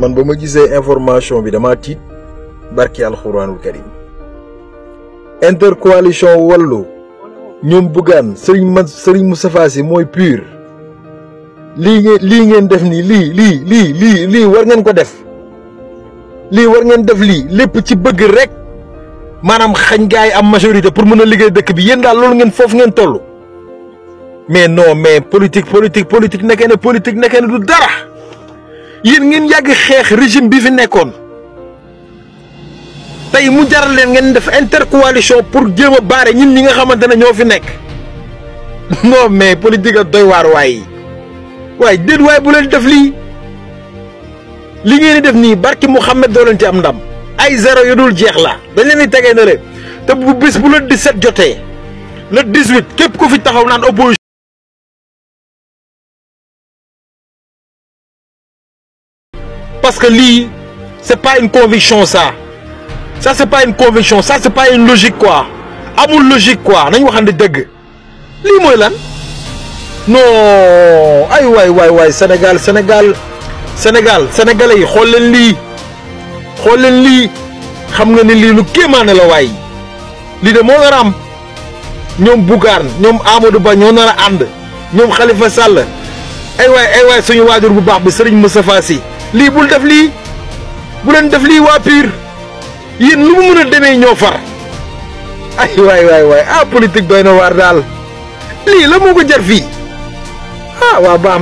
man ba ma gisee information bi dama tiit barki alxuraanul karim intercoalition wallu ñoom buggaan sëriñ man sëriñ Moustapha Sy mooy pur lii ngeen lii ngeen def nii lii lii lii lii lii war ngeen ko def lii war ngeen def lii lépp ci bëgg rek maanaam xañ gaay am majorité pour mën a liggéey dëkk bi yéen daal loolu ngeen foofu ngeen toll mais non mais politique politique politique nekkee ne politique nekkee ne du dara yéen ngeen yàgg xeex régime bi fi nekkoon tey mu jaral leen ngeen def intercoalition pour jéem a baare ñin ñi nga xamante ne ñoo fi nekk non mais politique a doy waar waay yi waaye déet waaye bu leen def lii li ngeen di def nii barki Mouhamed doo leen ci am ndam ay zéro yu dul jeex la dañ leen di tegee na te bu bis bu la 17 jotee le 18 képp ku fi taxaw naan opposition parce que lii c'est pas une conviction ça ça c'est pas une conviction ça c'est pas une logique quoi amul logique quoi nañ waxante dëgg lii mooy lan non ay waay waay waay Sénégal Sénégal Sénégal sénégalais yi xool leen lii xool leen lii xam nga ni lii lu kéemaane la waay lii de moo nar a ñoom Bougane ñoom Amadou Ba ñoo nar a ànd ñoom Khalifa Sall ay waay ay waay suñu waajur bu baax bi Serigne Moustapha Sy lii bul def lii bu leen def lii waa PUR yéen lu mu mën a demee ñoo far ay waay waay waay ah politique doy na waar daal lii la moo ko jar fii ah,